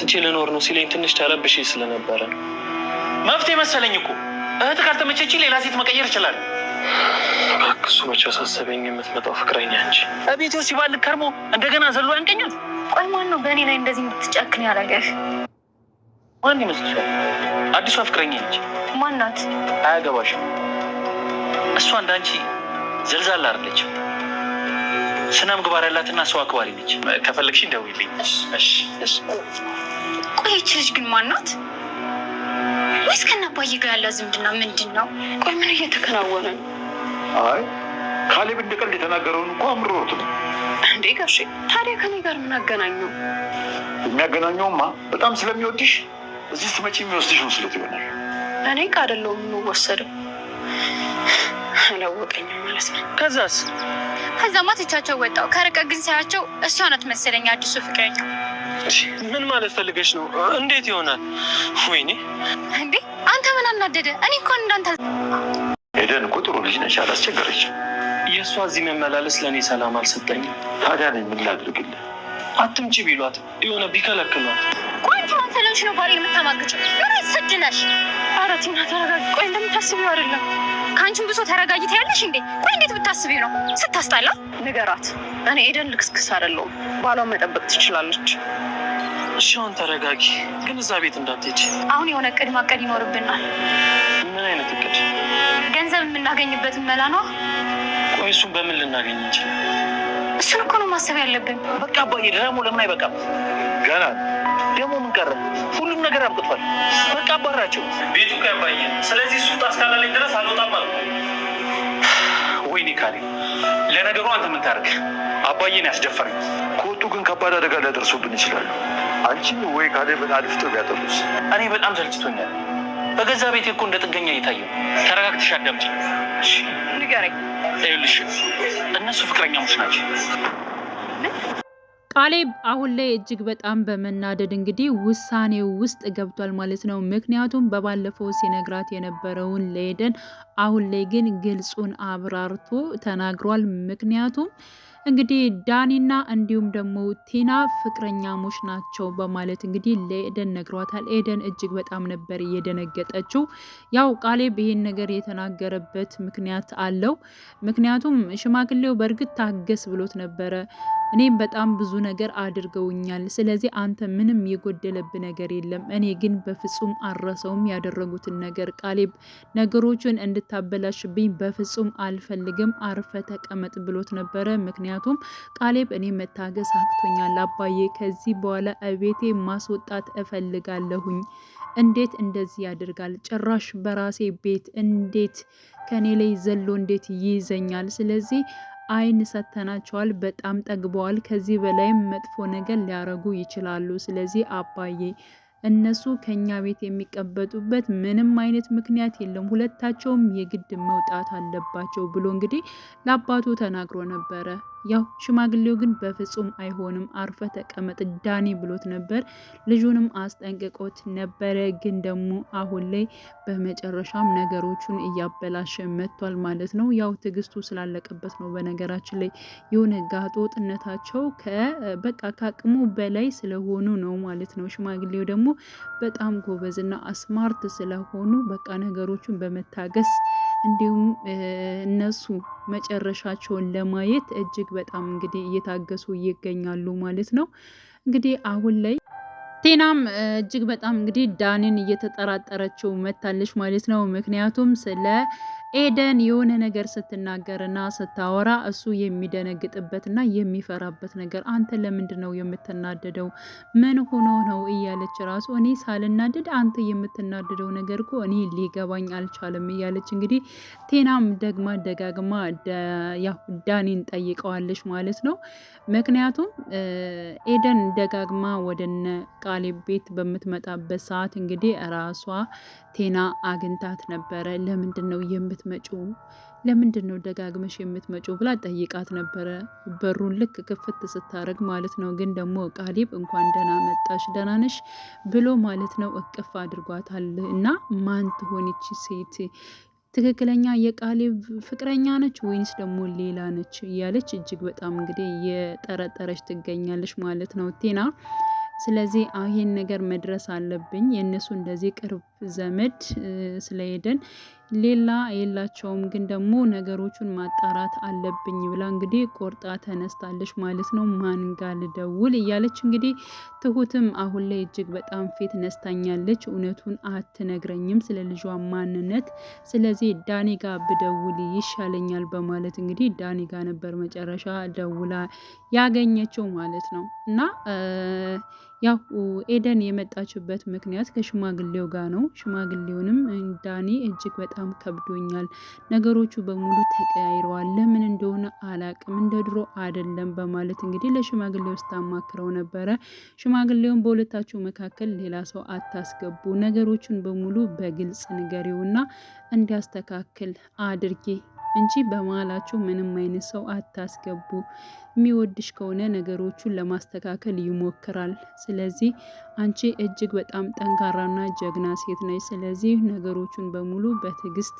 ትቼ ልኖር ነው ሲለኝ ትንሽ ተረብሽ ስለነበረ መፍትሄ መሰለኝ እኮ እህት ካልተመቸች ሌላ ሴት መቀየር ይችላል። እሱ መቼ አሳሰበኝ። የምትመጣው ፍቅረኛ እንጂ እቤት ውስጥ ሲባል ከርሞ እንደገና ዘሎ ያንቀኛል። ቆይ ማን ነው በእኔ ላይ እንደዚህ የምትጨክን ያደረገህ? ማን ይመስልሻል? አዲሷ ፍቅረኛ እንጂ ማን ናት? አያገባሽም። እሷ እንዳንቺ ዘልዛላ አይደለችም። ስነ ምግባር ያላትና ሰው አክባሪ ነች። ከፈለግሽ እንደውይልኝ። ቆይ ይህች ልጅ ግን ማናት? ወይስ ከእነ አባዬ ጋር ያላት ዝምድና ምንድን ነው? ቆይ ምን እየተከናወነ ነው? አይ ካሌብ እንደ ቀልድ የተናገረውን እኮ አምሮት ነው እንዴ ጋሼ። ታዲያ ከኔ ጋር ምን አገናኘው? የሚያገናኘውማ በጣም ስለሚወድሽ እዚህ ስትመጪ የሚወስድሽ መስሎት ይሆናል። እኔ ቃ አይደለሁም የምወሰደው አላወቀኝም ማለት ነው። ከዛስ? ከዛማ ትቻቸው ወጣው። ከርቀት ግን ሳያቸው እሷ ናት መሰለኝ አዲሱ ፍቅረኛ። ምን ማለት ፈልገሽ ነው? እንዴት ይሆናል? ወይኔ እንዴ! አንተ ምን አናደደ? እኔ እኮ እንዳንተ ሄደን እኮ ጥሩ ልጅ ነች፣ አላስቸገረች። የእሷ እዚህ መመላለስ ለእኔ ሰላም አልሰጠኝም። ታዲያ ነኝ ምን ላድርግልህ? አትምጪ ቢሏት የሆነ ቢከለክሏት ቆንጆ አንሰለሽ ነው ባሪ የምታማግጭ ስድነሽ አረት ተረጋግ ቆይ እንደምታስቢው አይደለም ከአንቺም ብሶ ተረጋጊ ትያለሽ እንዴ? ቆይ እንዴት ብታስቢ ነው ስታስጣላ? ንገራት። እኔ ኤደን ልክስክስ አይደለሁም። ባሏን መጠበቅ ትችላለች። እሺ ተረጋጊ፣ ግን እዛ ቤት እንዳትሄጂ። አሁን የሆነ እቅድ ማቀድ ይኖርብናል። ምን አይነት እቅድ? ገንዘብ የምናገኝበትን መላ ነው። ቆይ እሱን በምን ልናገኝ እንችላል? እሱን እኮ ነው ማሰብ ያለብን። በቃ አባዬ ደግሞ ለምን አይበቃም? ገና ደግሞ ምን ቀረ? ሁሉም ነገር አብቅቷል። በቃ አባራቸው ቤቱ ያባየ። ስለዚህ እሱ ታስካላለኝ ድረስ አልወጣም አልኩ። ወይኔ ካሌ፣ ለነገሩ አንተ ምን ታደርግ? አባዬን ያስደፈረኝ። ከወጡ ግን ከባድ አደጋ ሊያደርሱብን ይችላሉ። አንቺን ወይ ካሌ በጣም አድፍጦ ቢያጠሉስ? እኔ በጣም ሰልችቶኛል። በገዛ ቤቴ እኮ እንደ ጥገኛ እየታየሁ። ተረጋግተሽ አዳምጪ ንገረኝ። ይኸውልሽ እነሱ ፍቅረኛሞች ናቸው ቃሌብ አሁን ላይ እጅግ በጣም በመናደድ እንግዲህ ውሳኔው ውስጥ ገብቷል ማለት ነው። ምክንያቱም በባለፈው ሲነግራት የነበረውን ለኤደን አሁን ላይ ግን ግልጹን አብራርቶ ተናግሯል። ምክንያቱም እንግዲህ ዳኒና እንዲሁም ደግሞ ቲና ፍቅረኛሞች ናቸው በማለት እንግዲህ ለኤደን ነግሯታል። ኤደን እጅግ በጣም ነበር እየደነገጠችው። ያው ቃሌብ ይህን ነገር የተናገረበት ምክንያት አለው። ምክንያቱም ሽማግሌው በእርግጥ ታገስ ብሎት ነበረ እኔም በጣም ብዙ ነገር አድርገውኛል። ስለዚህ አንተ ምንም የጎደለብ ነገር የለም። እኔ ግን በፍጹም አረሰውም ያደረጉትን ነገር ቃሌብ ነገሮችን እንድታበላሽብኝ በፍጹም አልፈልግም፣ አርፈ ተቀመጥ ብሎት ነበረ። ምክንያቱም ቃሌብ እኔ መታገስ አቅቶኛል አባዬ፣ ከዚህ በኋላ እቤቴ ማስወጣት እፈልጋለሁኝ። እንዴት እንደዚህ ያደርጋል? ጭራሽ በራሴ ቤት እንዴት ከኔ ላይ ዘሎ እንዴት ይይዘኛል? ስለዚህ አይን ሰተናቸዋል። በጣም ጠግበዋል። ከዚህ በላይም መጥፎ ነገር ሊያረጉ ይችላሉ። ስለዚህ አባዬ እነሱ ከኛ ቤት የሚቀበጡበት ምንም አይነት ምክንያት የለም። ሁለታቸውም የግድ መውጣት አለባቸው ብሎ እንግዲህ ለአባቱ ተናግሮ ነበረ። ያው ሽማግሌው ግን በፍጹም አይሆንም አርፈ ተቀመጥ ዳኒ ብሎት ነበር። ልጁንም አስጠንቅቆት ነበረ። ግን ደግሞ አሁን ላይ በመጨረሻም ነገሮቹን እያበላሸ መጥቷል ማለት ነው። ያው ትዕግስቱ ስላለቀበት ነው። በነገራችን ላይ የሆነ ጋጦጥነታቸው በቃ ከአቅሙ በላይ ስለሆኑ ነው ማለት ነው። ሽማግሌው ደግሞ በጣም ጎበዝና አስማርት ስለሆኑ በቃ ነገሮቹን በመታገስ እንዲሁም እነሱ መጨረሻቸውን ለማየት እጅግ በጣም እንግዲህ እየታገሱ ይገኛሉ ማለት ነው። እንግዲህ አሁን ላይ ቴናም እጅግ በጣም እንግዲህ ዳኒን እየተጠራጠረችው መታለች ማለት ነው። ምክንያቱም ስለ ኤደን የሆነ ነገር ስትናገርና ስታወራ እሱ የሚደነግጥበትና የሚፈራበት ነገር አንተ ለምንድ ነው የምትናደደው? ምን ሆኖ ነው እያለች ራሱ እኔ ሳልናደድ አንተ የምትናደደው ነገር እኮ እኔ ሊገባኝ አልቻለም እያለች እንግዲህ ቴናም ደግማ ደጋግማ ዳኒን ጠይቀዋለች ማለት ነው። ምክንያቱም ኤደን ደጋግማ ወደነ ቃሌብ ቤት በምትመጣበት ሰዓት እንግዲህ ራሷ ቴና አግኝታት ነበረ። ለምንድን ነው የምት የምትመጪው? ለምንድን ነው ደጋግመሽ የምትመጪው? ብላ ጠይቃት ነበረ። በሩን ልክ ክፍት ስታደርግ ማለት ነው። ግን ደግሞ ቃሊብ እንኳን ደህና መጣሽ፣ ደህና ነሽ ብሎ ማለት ነው እቅፍ አድርጓታል። እና ማን ትሆንቺ ሴት ትክክለኛ የቃሊብ ፍቅረኛ ነች ወይንስ ደግሞ ሌላ ነች እያለች እጅግ በጣም እንግዲህ እየጠረጠረች ትገኛለች ማለት ነው ቴና። ስለዚህ ይህን ነገር መድረስ አለብኝ የእነሱ እንደዚህ ቅርብ ዘመድ ስለሄደን ሌላ የላቸውም ግን ደግሞ ነገሮቹን ማጣራት አለብኝ ብላ እንግዲህ ቆርጣ ተነስታለች ማለት ነው። ማን ጋር ልደውል እያለች እንግዲህ ትሁትም አሁን ላይ እጅግ በጣም ፊት ነስታኛለች። እውነቱን አትነግረኝም ስለ ልጇ ማንነት፣ ስለዚህ ዳኔ ጋር ብደውል ይሻለኛል በማለት እንግዲህ ዳኔ ጋር ነበር መጨረሻ ደውላ ያገኘችው ማለት ነው እና ያው ኤደን የመጣችበት ምክንያት ከሽማግሌው ጋር ነው። ሽማግሌውንም ዳኒ እጅግ በጣም ከብዶኛል፣ ነገሮቹ በሙሉ ተቀያይረዋል፣ ለምን እንደሆነ አላቅም፣ እንደ ድሮ አይደለም በማለት እንግዲህ ለሽማግሌው ስታማክረው ነበረ። ሽማግሌውን በሁለታቸው መካከል ሌላ ሰው አታስገቡ፣ ነገሮቹን በሙሉ በግልጽ ንገሪውና እንዲያስተካክል አድርጌ እንጂ በመሀላችሁ ምንም አይነት ሰው አታስገቡ የሚወድሽ ከሆነ ነገሮቹን ለማስተካከል ይሞክራል። ስለዚህ አንቺ እጅግ በጣም ጠንካራና ጀግና ሴት ነች። ስለዚህ ነገሮቹን በሙሉ በትዕግስት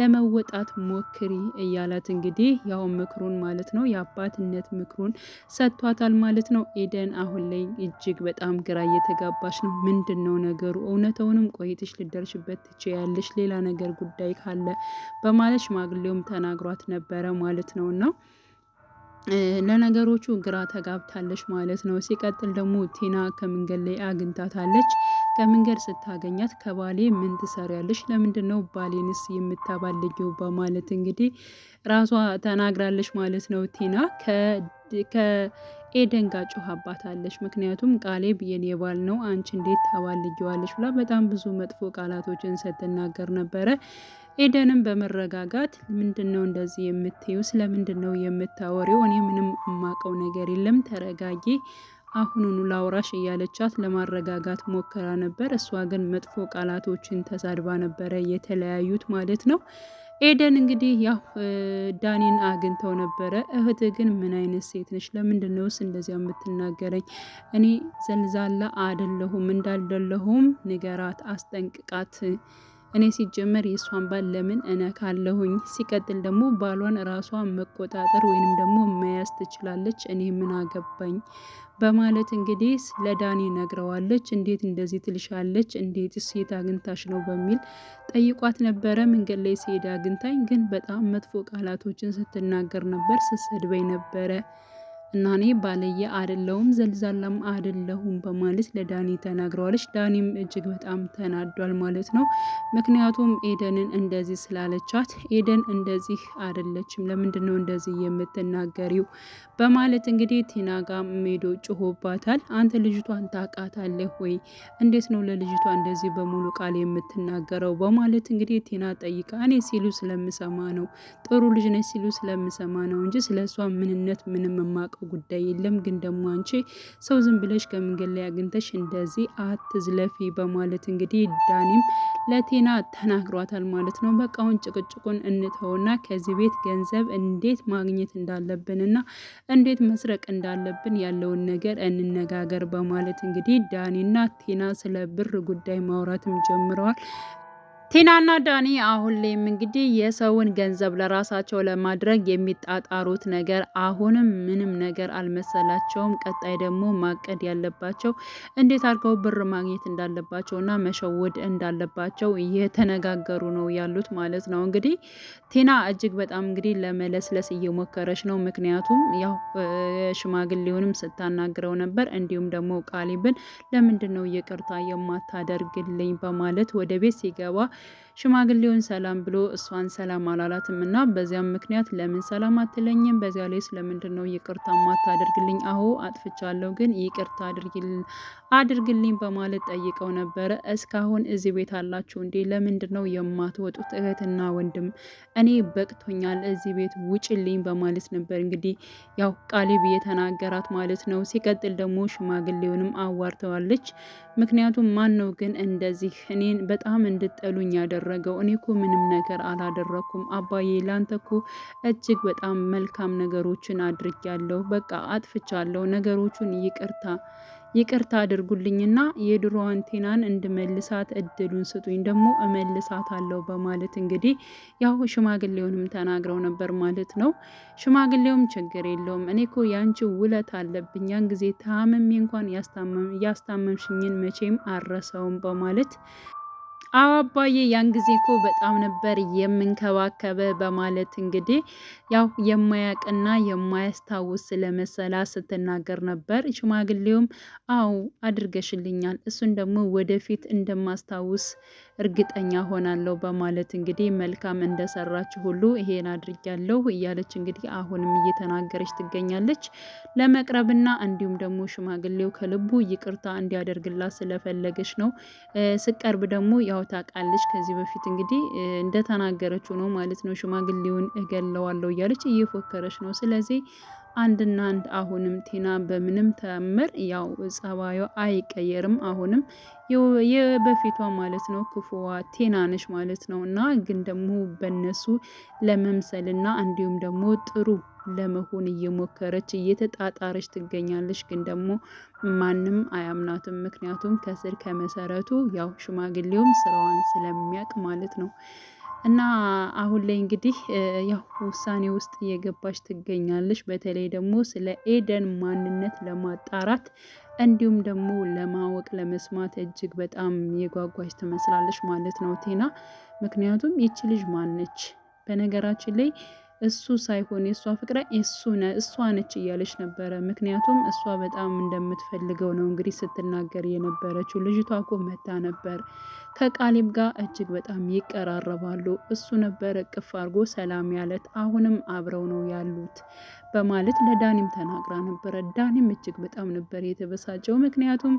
ለመወጣት ሞክሪ እያላት እንግዲህ ያው ምክሩን ማለት ነው የአባትነት ምክሩን ሰጥቷታል ማለት ነው። ኤደን አሁን ላይ እጅግ በጣም ግራ እየተጋባች ነው። ምንድን ነው ነገሩ? እውነተውንም ቆይትሽ ልደርሽበት ትችያለሽ፣ ሌላ ነገር ጉዳይ ካለ በማለት ሽማግሌውም ተናግሯት ነበረ ማለት ነውና ለነገሮቹ ግራ ተጋብታለች ማለት ነው። ሲቀጥል ደግሞ ቲና ከመንገድ ላይ አግኝታታለች። ከመንገድ ስታገኛት ከባሌ ምን ትሰሪያለሽ? ለምንድን ነው ባሌንስ የምታባልጊው? በማለት እንግዲህ ራሷ ተናግራለች ማለት ነው ቲና ከ ኤደን ጋር አለች ምክንያቱም ቃሌብ የኔ ባል ነው አንቺ እንዴት ታባልጊዋለች ብላ በጣም ብዙ መጥፎ ቃላቶችን ስትናገር ነበረ። ኤደንም በመረጋጋት ምንድን ነው እንደዚህ የምትዩ? ስለምንድን ነው የምታወሪው? እኔ ምንም እማቀው ነገር የለም ተረጋጊ፣ አሁኑኑ ላውራሽ እያለቻት ለማረጋጋት ሞከራ ነበር። እሷ ግን መጥፎ ቃላቶችን ተሳድባ ነበረ የተለያዩት ማለት ነው። ኤደን እንግዲህ ያው ዳኒን አግኝተው ነበረ። እህት ግን ምን አይነት ሴት ነች? ለምንድን ነውስ እንደዚያ የምትናገረኝ? እኔ ዘልዛላ አደለሁም እንዳልደለሁም ንገራት፣ አስጠንቅቃት እኔ ሲጀመር የእሷን ባል ለምን እነካለሁኝ? ሲቀጥል ደግሞ ባሏን ራሷ መቆጣጠር ወይንም ደግሞ መያዝ ትችላለች፣ እኔ ምን አገባኝ በማለት እንግዲህ ለዳኒ ነግረዋለች። እንዴት እንደዚህ ትልሻለች? እንዴት ሴት አግኝታሽ ነው በሚል ጠይቋት ነበረ። መንገድ ላይ ሲሄድ አግኝታኝ፣ ግን በጣም መጥፎ ቃላቶችን ስትናገር ነበር፣ ስትሰድበኝ ነበረ እና እኔ ባለየ አይደለሁም ዘልዛላም አደለሁም በማለት ለዳኒ ተናግረዋለች። ዳኒም እጅግ በጣም ተናዷል ማለት ነው። ምክንያቱም ኤደንን እንደዚህ ስላለቻት ኤደን እንደዚህ አይደለችም፣ ለምንድን ነው እንደዚህ የምትናገሪው? በማለት እንግዲህ ቲናጋ ሜዶ ጭሆባታል። አንተ ልጅቷን ታቃታለህ ወይ? እንዴት ነው ለልጅቷ እንደዚህ በሙሉ ቃል የምትናገረው? በማለት እንግዲህ ቲና ጠይቃ እኔ ሲሉ ስለምሰማ ነው ጥሩ ልጅ ነች ሲሉ ስለምሰማ ነው እንጂ ስለ እሷ ምንነት ምንም ማቀ ጉዳይ የለም። ግን ደግሞ አንቺ ሰው ዝም ብለሽ ከመንገድ ላይ አግኝተሽ እንደዚህ አትዝለፊ በማለት እንግዲህ ዳኒም ለቴና ተናግሯታል ማለት ነው። በቃ አሁን ጭቅጭቁን እንተውና ከዚህ ቤት ገንዘብ እንዴት ማግኘት እና እንዴት መስረቅ እንዳለብን ያለውን ነገር እንነጋገር በማለት እንግዲህ ዳኒና ቴና ስለ ብር ጉዳይ ማውራትም ጀምረዋል። ቲናና ዳኒ አሁን ላይም እንግዲህ የሰውን ገንዘብ ለራሳቸው ለማድረግ የሚጣጣሩት ነገር አሁንም ምንም ነገር አልመሰላቸውም። ቀጣይ ደግሞ ማቀድ ያለባቸው እንዴት አድርገው ብር ማግኘት እንዳለባቸው እና መሸወድ እንዳለባቸው እየተነጋገሩ ነው ያሉት ማለት ነው። እንግዲህ ቲና እጅግ በጣም እንግዲህ ለመለስለስ እየሞከረች ነው። ምክንያቱም ያው ሽማግሌውንም ስታናግረው ነበር፣ እንዲሁም ደግሞ ቃሊብን ለምንድን ነው ይቅርታ የማታደርግልኝ በማለት ወደ ቤት ሲገባ ሽማግሌውን ሰላም ብሎ እሷን ሰላም አላላትም እና በዚያም ምክንያት ለምን ሰላም አትለኝም? በዚያ ላይ ስለምንድን ነው ይቅርታ ማታደርግልኝ? አሁ አጥፍቻለሁ፣ ግን ይቅርታ አድርግልኝ በማለት ጠይቀው ነበረ። እስካሁን እዚህ ቤት አላችሁ እንዴ? ለምንድን ነው የማትወጡት? እህትና ወንድም እኔ በቅቶኛል፣ እዚህ ቤት ውጭልኝ በማለት ነበር እንግዲህ ያው ቃሊብ የተናገራት ማለት ነው። ሲቀጥል ደግሞ ሽማግሌውንም አዋርተዋለች። ምክንያቱም ማን ነው ግን እንደዚህ እኔን በጣም እንድጠሉኝ ያደረገው? እኔ እኮ ምንም ነገር አላደረኩም አባዬ፣ ላንተ እኮ እጅግ በጣም መልካም ነገሮችን አድርጊያለሁ። በቃ አጥፍቻለሁ፣ ነገሮቹን ይቅርታ ይቅርታ አድርጉልኝና የድሮ አንቴናን እንድመልሳት እድሉን ስጡኝ ደግሞ እመልሳት አለው በማለት እንግዲህ ያው ሽማግሌውንም ተናግረው ነበር ማለት ነው። ሽማግሌውም ችግር የለውም እኔ እኮ ያንቺ ውለት አለብኝ፣ ያን ጊዜ ታምሜ እንኳን ያስታመምሽኝን መቼም አረሰውም በማለት አባዬ ያን ጊዜ እኮ በጣም ነበር የምንከባከበ በማለት እንግዲህ ያው የማያቅና የማያስታውስ ስለመሰላ ስትናገር ነበር። ሽማግሌውም አው አድርገሽልኛል፣ እሱን ደግሞ ወደፊት እንደማስታውስ እርግጠኛ ሆናለሁ በማለት እንግዲህ መልካም እንደሰራች ሁሉ ይሄን አድርጊያለሁ እያለች እንግዲህ አሁንም እየተናገረች ትገኛለች። ለመቅረብና እንዲሁም ደግሞ ሽማግሌው ከልቡ ይቅርታ እንዲያደርግላት ስለፈለገች ነው። ስቀርብ ደግሞ ያው ታውቃለች ከዚህ በፊት እንግዲህ እንደተናገረችው ነው ማለት ነው። ሽማግሌውን እገለዋለሁ እያለች እየፎከረች ነው። ስለዚህ አንድና አንድ አሁንም ቲና በምንም ተአምር ያው ጸባዩ አይቀየርም። አሁንም የበፊቷ ማለት ነው ክፉዋ ቲና ነች ማለት ነው። እና ግን ደግሞ በነሱ ለመምሰልና እንዲሁም ደግሞ ጥሩ ለመሆን እየሞከረች እየተጣጣረች ትገኛለች። ግን ደግሞ ማንም አያምናትም። ምክንያቱም ከስር ከመሰረቱ ያው ሽማግሌውም ስራዋን ስለሚያውቅ ማለት ነው። እና አሁን ላይ እንግዲህ ያው ውሳኔ ውስጥ እየገባች ትገኛለች። በተለይ ደግሞ ስለ ኤደን ማንነት ለማጣራት እንዲሁም ደግሞ ለማወቅ ለመስማት እጅግ በጣም የጓጓች ትመስላለች ማለት ነው ቴና። ምክንያቱም ይቺ ልጅ ማን ነች? በነገራችን ላይ እሱ ሳይሆን የእሷ ፍቅረ እሱ እሷ ነች እያለች ነበረ። ምክንያቱም እሷ በጣም እንደምትፈልገው ነው እንግዲህ ስትናገር የነበረችው። ልጅቷ እኮ መታ ነበር ከቃሊብ ጋር እጅግ በጣም ይቀራረባሉ። እሱ ነበር እቅፍ አድርጎ ሰላም ያለት። አሁንም አብረው ነው ያሉት በማለት ለዳኒም ተናግራ ነበረ። ዳኒም እጅግ በጣም ነበር የተበሳጨው። ምክንያቱም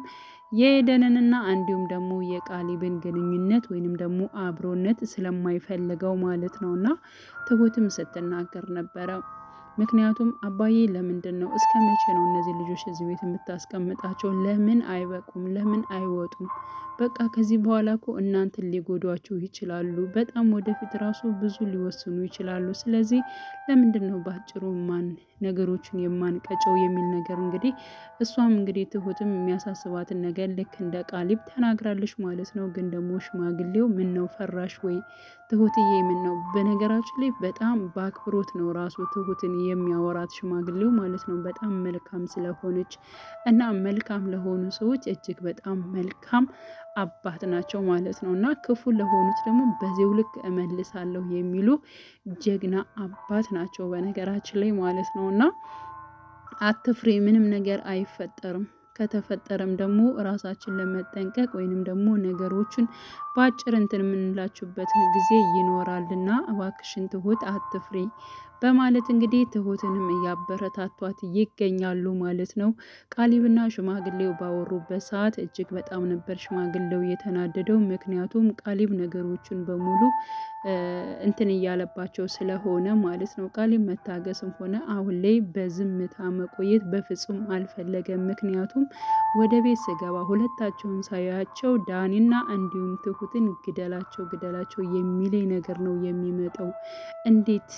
የኤደንንና እንዲሁም ደግሞ የቃሊብን ግንኙነት ወይንም ደግሞ አብሮነት ስለማይፈልገው ማለት ነው። እና ትሁትም ስትናገር ነበረ። ምክንያቱም አባዬ ለምንድን ነው እስከ መቼ ነው እነዚህ ልጆች እዚህ ቤት የምታስቀምጣቸው? ለምን አይበቁም? ለምን አይወጡም? በቃ ከዚህ በኋላ እኮ እናንተን ሊጎዷችሁ ይችላሉ። በጣም ወደፊት ራሱ ብዙ ሊወስኑ ይችላሉ። ስለዚህ ለምንድን ነው ባጭሩ ማን ነገሮችን የማንቀጨው የሚል ነገር እንግዲህ እሷም እንግዲህ ትሁትም የሚያሳስባትን ነገር ልክ እንደ ቃሊብ ተናግራለች ማለት ነው። ግን ደግሞ ሽማግሌው ምን ነው ፈራሽ ወይ ትሁትዬ? ምን ነው በነገራችን ላይ በጣም በአክብሮት ነው ራሱ ትሁትን የሚያወራት ሽማግሌው ማለት ነው። በጣም መልካም ስለሆነች እና መልካም ለሆኑ ሰዎች እጅግ በጣም መልካም አባት ናቸው ማለት ነው እና ክፉ ለሆኑት ደግሞ በዚው ልክ እመልሳለሁ የሚሉ ጀግና አባት ናቸው በነገራችን ላይ ማለት ነው እና አትፍሪ፣ ምንም ነገር አይፈጠርም። ከተፈጠረም ደግሞ ራሳችን ለመጠንቀቅ ወይንም ደግሞ ነገሮችን በአጭር እንትን የምንላችሁበት ጊዜ ይኖራልና እባክሽን ትሁት አትፍሪ በማለት እንግዲህ ትሁትንም እያበረታቷት ይገኛሉ ማለት ነው። ቃሊብና ሽማግሌው ባወሩበት ሰዓት እጅግ በጣም ነበር ሽማግሌው የተናደደው። ምክንያቱም ቃሊብ ነገሮችን በሙሉ እንትን እያለባቸው ስለሆነ ማለት ነው። ቃሊብ መታገስም ሆነ አሁን ላይ በዝምታ መቆየት በፍጹም አልፈለገም። ምክንያቱም ወደ ቤት ስገባ ሁለታቸውን ሳያቸው ዳኒና እንዲሁም ትሁትን ግደላቸው ግደላቸው የሚለኝ ነገር ነው የሚመጣው እንዴት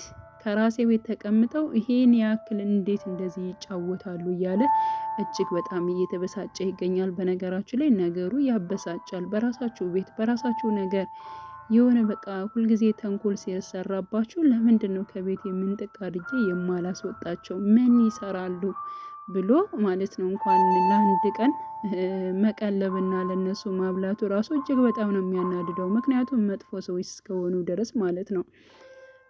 ከራሴ ቤት ተቀምጠው ይሄን ያክል እንዴት እንደዚህ ይጫወታሉ እያለ እጅግ በጣም እየተበሳጨ ይገኛል። በነገራችሁ ላይ ነገሩ ያበሳጫል። በራሳችሁ ቤት በራሳችሁ ነገር የሆነ በቃ ሁልጊዜ ተንኮል ሲሰራባችሁ ለምንድን ነው ከቤት የምንጥቅ አድርጌ የማላስወጣቸው? ምን ይሰራሉ ብሎ ማለት ነው። እንኳን ለአንድ ቀን መቀለብና ለነሱ ማብላቱ ራሱ እጅግ በጣም ነው የሚያናድደው። ምክንያቱም መጥፎ ሰዎች እስከሆኑ ድረስ ማለት ነው።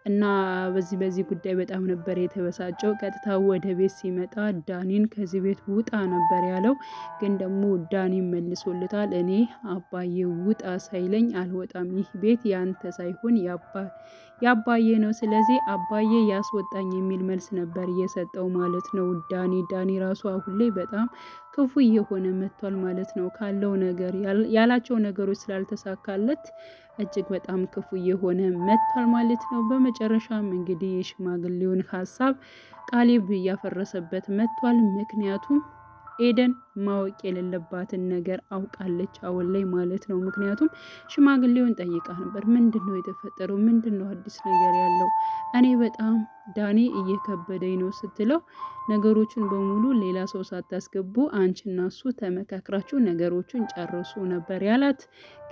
እና በዚህ በዚህ ጉዳይ በጣም ነበር የተበሳጨው። ቀጥታ ወደ ቤት ሲመጣ ዳኒን ከዚህ ቤት ውጣ ነበር ያለው፣ ግን ደግሞ ዳኒን መልሶልታል። እኔ አባዬ ውጣ ሳይለኝ አልወጣም፣ ይህ ቤት ያንተ ሳይሆን የአባዬ ነው፣ ስለዚህ አባዬ ያስወጣኝ የሚል መልስ ነበር እየሰጠው ማለት ነው ዳኒ። ዳኒ ራሱ አሁን ላይ በጣም ክፉ እየሆነ መጥቷል ማለት ነው ካለው ነገር ያላቸው ነገሮች ስላልተሳካለት እጅግ በጣም ክፉ የሆነ መጥቷል ማለት ነው። በመጨረሻም እንግዲህ የሽማግሌውን ሀሳብ ቃሌብ እያፈረሰበት መጥቷል። ምክንያቱም ኤደን ማወቅ የሌለባትን ነገር አውቃለች አሁን ላይ ማለት ነው። ምክንያቱም ሽማግሌውን ጠይቃ ነበር። ምንድን ነው የተፈጠረው? ምንድን ነው አዲስ ነገር ያለው? እኔ በጣም ዳኔ እየከበደኝ ነው ስትለው ነገሮችን በሙሉ ሌላ ሰው ሳታስገቡ አንቺና እሱ ተመካክራችሁ ነገሮችን ጨርሱ ነበር ያላት።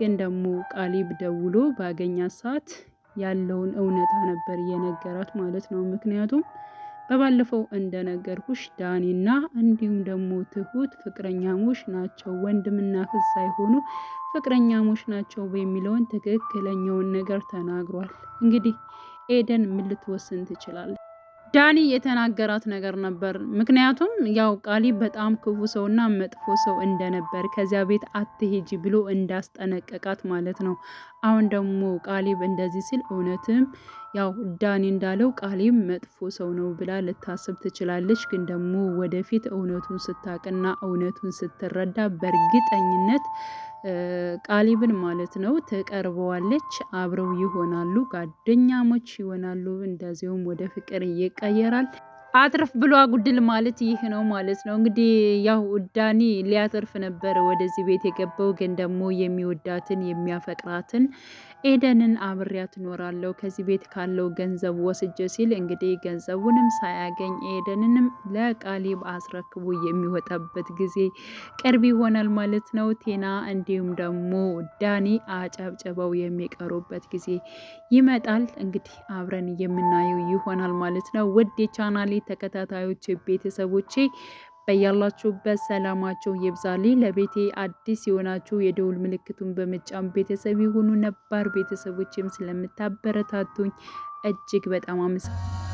ግን ደግሞ ቃሊብ ደውሎ ባገኛት ሰዓት ያለውን እውነታ ነበር የነገራት ማለት ነው ምክንያቱም በባለፈው እንደነገርኩሽ ዳኒና እንዲሁም ደግሞ ትሁት ፍቅረኛሞች ናቸው፣ ወንድምና እህት ሳይሆኑ ፍቅረኛሞች ናቸው የሚለውን ትክክለኛውን ነገር ተናግሯል። እንግዲህ ኤደን ምን ልትወስን ትችላለች? ዳኒ የተናገራት ነገር ነበር። ምክንያቱም ያው ቃሊ በጣም ክፉ ሰውና መጥፎ ሰው እንደነበር ከዚያ ቤት አትሄጂ ብሎ እንዳስጠነቀቃት ማለት ነው። አሁን ደግሞ ቃሊብ እንደዚህ ሲል እውነትም ያው ዳኒ እንዳለው ቃሊብ መጥፎ ሰው ነው ብላ ልታስብ ትችላለች። ግን ደግሞ ወደፊት እውነቱን ስታቅና እውነቱን ስትረዳ በእርግጠኝነት ቃሊብን ማለት ነው ትቀርበዋለች። አብረው ይሆናሉ፣ ጓደኛሞች ይሆናሉ። እንደዚሁም ወደ ፍቅር ይቀየራል። አትርፍ ብሎ አጉድል ማለት ይህ ነው ማለት ነው። እንግዲህ ያው ዳኒ ሊያተርፍ ነበር ወደዚህ ቤት የገባው፣ ግን ደግሞ የሚወዳትን የሚያፈቅራትን ኤደንን አብሬያ ትኖራለው ከዚህ ቤት ካለው ገንዘብ ወስጀ ሲል እንግዲህ ገንዘቡንም ሳያገኝ ኤደንንም ለቃሊብ አስረክቦ የሚወጣበት ጊዜ ቅርብ ይሆናል ማለት ነው። ቴና እንዲሁም ደግሞ ዳኒ አጨብጨበው የሚቀሩበት ጊዜ ይመጣል። እንግዲህ አብረን የምናየው ይሆናል ማለት ነው። ውድ የቻናሌ ተከታታዮች ቤተሰቦቼ በያላችሁበት ሰላማቸው ይብዛልኝ። ለቤቴ አዲስ የሆናችሁ የደውል ምልክቱን በመጫን ቤተሰብ የሆኑ ነባር ቤተሰቦችም ስለምታበረታቱኝ እጅግ በጣም አመሰግናለሁ።